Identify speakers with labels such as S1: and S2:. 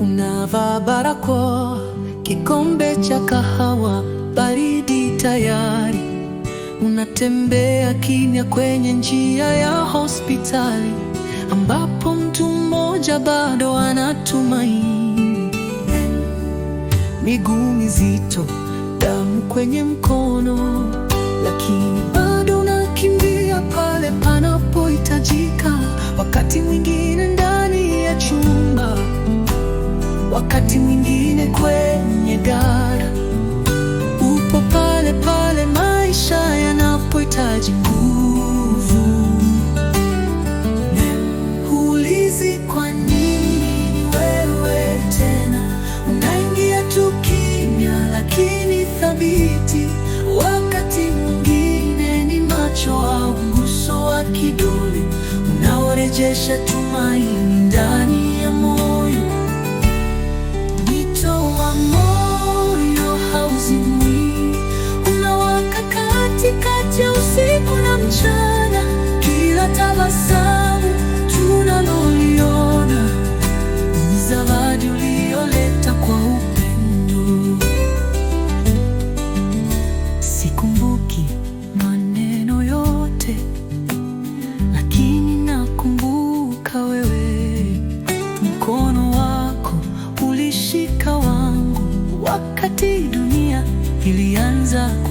S1: Unavaa barakoa, kikombe cha kahawa baridi tayari. Unatembea kimya kwenye njia ya hospitali ambapo mtu mmoja bado anatumaini. Miguu mizito, damu kwenye mkono, lakini wakati mwingine kwenye dara, upo pale pale maisha yanapohitaji
S2: nguvu.
S1: Huulizi kwa
S2: nini wewe tena, unaingia tu kimya, lakini thabiti. Wakati mwingine ni macho au mguso wa kiduli unaorejesha tumaini ndani mchana, kila tabasamu tunaloliona ni zawadi uliyoleta kwa upendo. Sikumbuki maneno yote, lakini nakumbuka wewe. Mkono wako ulishika wangu wakati dunia ilianza